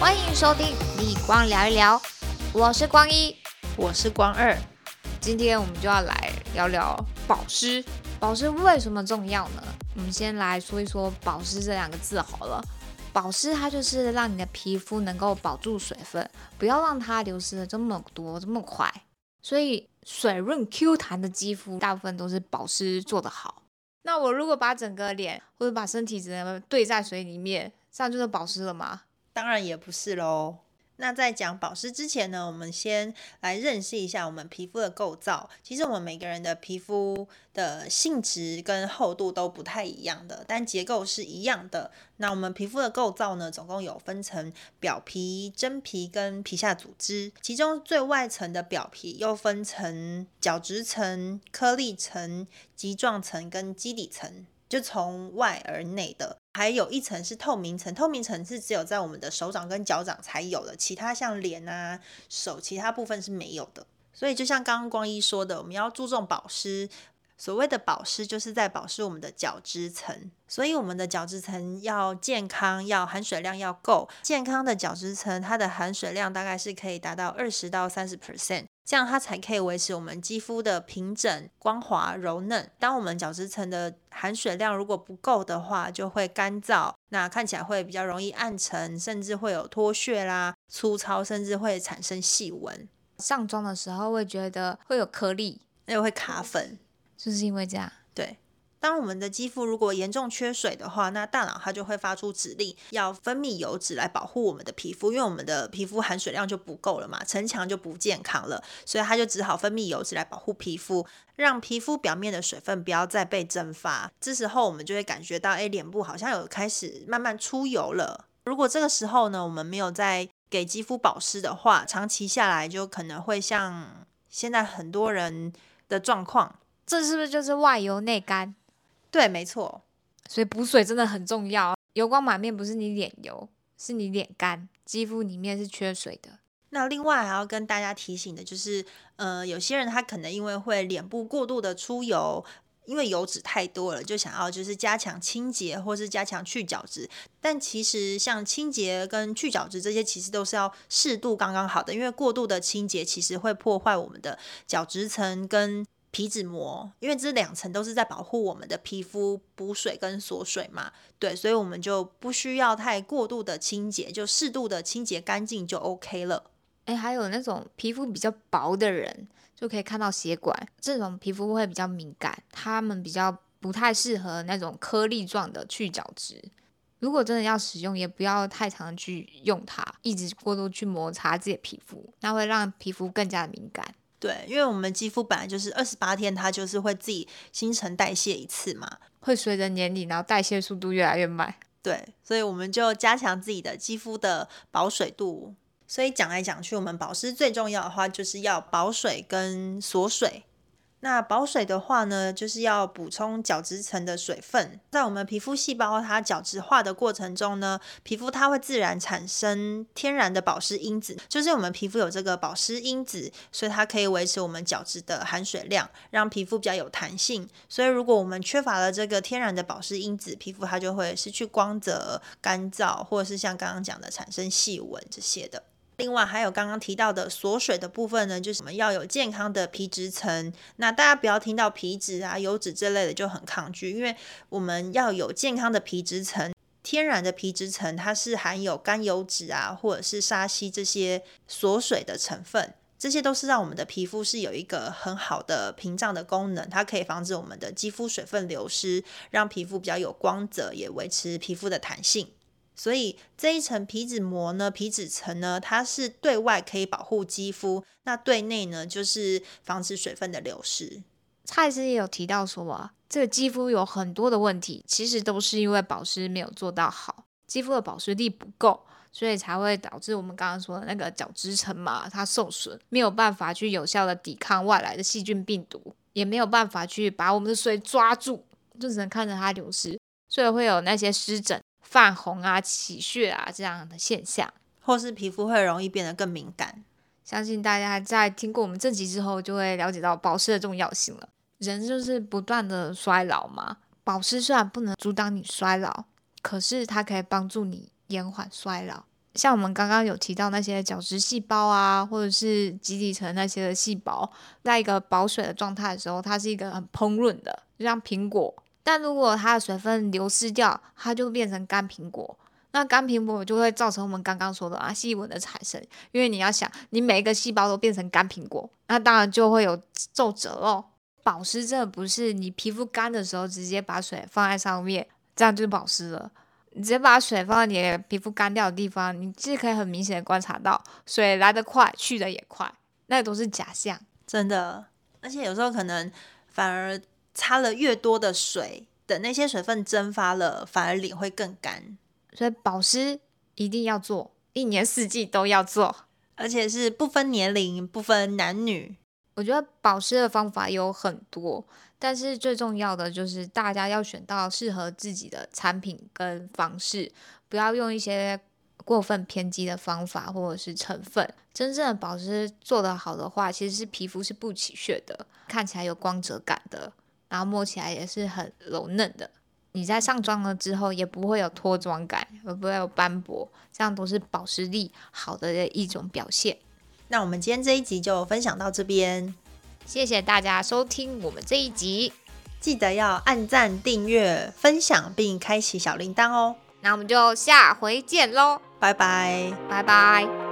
歡迎收聽《立光聊一聊》，我是光一，我是光二。今天我們就要來聊聊保濕，保濕為什麼重要呢？我們先來說一說保濕這兩個字好了。保濕它就是讓你的皮膚能夠保住水分，不要讓它流失了這麼多這麼快。所以水潤 Q 彈的肌膚大部分都是保濕做得好。那我如果把整個臉或者把身體整個對在水裡面，這樣就是保濕了嗎？當然也不是嘍。那在講保濕之前呢，我們先來認識一下我們皮膚的構造。其實我們每個人的皮膚的性質跟厚度都不太一樣的，但結構是一樣的。那我們皮膚的構造呢，總共有分成表皮、真皮跟皮下組織。其中最外層的表皮又分成角質層、顆粒層、棘狀層跟基底層。就從外而內的，還有一層是透明層，透明層是只有在我們的手掌跟腳掌才有的，其他像臉啊手其他部分是沒有的。所以就像剛剛光一說的，我們要注重保濕，所謂的保濕就是在保濕我們的角質層，所以我們的角質層要健康，要含水量要夠。健康的角質層，它的含水量大概是可以達到二十到三十 percent。這樣它才可以維持我們肌膚的平整、光滑、柔嫩。當我們角質層的含水量如果不夠的話，就會乾燥，那看起來會比較容易暗沉，甚至會有脫屑啦、粗糙，甚至會產生細紋。上妝的時候會覺得會有顆粒，那又會卡粉，就是因為這樣。對。當我們的肌膚如果嚴重缺水的話，那大腦它就會發出指令，要分泌油脂來保護我們的皮膚，因為我們的皮膚含水量就不夠了嘛，城牆就不健康了，所以它就只好分泌油脂來保護皮膚，讓皮膚表面的水分不要再被蒸發。這時候我們就會感覺到，哎，臉部好像有開始慢慢出油了。如果這個時候呢，我們沒有再給肌膚保濕的話，長期下來就可能會像現在很多人的狀況，這是不是就是外油內乾？對，沒錯，所以補水真的很重要。油光滿面不是你臉油，是你臉乾，肌膚裡面是缺水的。那另外還要跟大家提醒的就是，呃，有些人他可能因為會臉部過度的出油，因為油脂太多了，就想要就是加強清潔或是加強去角質。但其實像清潔跟去角質這些，其實都是要適度剛剛好的，因為過度的清潔其實會破壞我們的角質層跟皮脂膜，因為這兩層都是在保護我們的皮膚補水跟鎖水嘛，對，所以我們就不需要太過度的清潔，就適度的清潔乾淨就 OK 了。誒，還有那種皮膚比較薄的人，就可以看到血管，這種皮膚會比較敏感，他們比較不太適合那種顆粒狀的去角質。如果真的要使用，也不要太常去用它，一直過度去摩擦自己的皮膚，那會讓皮膚更加的敏感。對，因為我們肌膚本來就是二十八天，它就是會自己新陳代謝一次嘛，會隨着年齡，然後代謝速度越來越慢，對，所以我們就加強自己的肌膚的保水度。所以講來講去，我們保濕最重要的話，就是要保水跟鎖水。那保水的話呢，就是要補充角質層的水分。在我們皮膚細胞它角質化的過程中呢，皮膚它會自然產生天然的保濕因子，就是我們皮膚有這個保濕因子，所以它可以維持我們角質的含水量，讓皮膚比較有彈性。所以如果我們缺乏了這個天然的保濕因子，皮膚它就會失去光澤、乾燥，或者是像剛剛講的產生細紋這些的。另外還有剛剛提到的鎖水的部分呢，就是我們要有健康的皮脂層。那大家不要聽到皮脂啊、油脂之類的就很抗拒，因為我們要有健康的皮脂層，天然的皮脂層它是含有甘油酯啊，或者是鯊烯這些鎖水的成分，這些都是讓我們的皮膚是有一個很好的屏障的功能，它可以防止我們的肌膚水分流失，讓皮膚比較有光澤，也維持皮膚的彈性。所以這一層皮脂膜呢，皮脂層呢，它是對外可以保護肌膚，那對內呢，就是防止水分的流失。蔡司也有提到說啊，這個肌膚有很多的問題，其實都是因為保濕沒有做到好，肌膚的保濕力不夠，所以才會導致我們剛剛說的那個角質層嘛，它受損，沒有辦法去有效的抵抗外來的細菌、病毒，也沒有辦法去把我們的水抓住，就只能看着它流失，所以會有那些濕疹。泛紅啊、起屑啊這樣的現象，或是皮膚會容易變得更敏感。相信大家在聽過我們這集之後，就會了解到保濕的重要性了。人就是不斷的衰老嘛，保濕雖然不能阻擋你衰老，可是它可以幫助你延緩衰老。像我們剛剛有提到那些角質細胞啊，或者是基底層那些的細胞，在一個保水的狀態的時候，它是一個很澎潤的，就像蘋果。但如果它的水分流失掉，它就會變成乾蘋果。那乾蘋果就會造成我們剛剛說的啊細紋的產生，因為你要想，你每一個細胞都變成乾蘋果，那當然就會有皺褶嘍、哦。保濕真的不是你皮膚乾的時候直接把水放在上面，這樣就保濕了。你直接把水放在你的皮膚乾掉的地方，你就可以很明顯的觀察到水來得快，去得也快，那都是假象，真的。而且有時候可能反而。擦了越多的水，等那些水分蒸發了，反而臉會更乾。所以保濕一定要做，一年四季都要做，而且是不分年齡、不分男女。我覺得保濕的方法有很多，但是最重要的就是大家要選到適合自己的產品跟方式，不要用一些過分偏激的方法或者是成分。真正的保濕做得好的話，其實是皮膚是不起屑的，看起來有光澤感的。然後摸起來也是很柔嫩的，你在上妝了之後也不會有脫妝感，也不會有斑駁，這樣都是保濕力好的一種表現。那我們今天這一集就分享到這邊，謝謝大家收聽我們這一集，記得要按贊、訂閱、分享並開啟小鈴鐺哦。那我們就下回見嘍，拜拜，拜拜。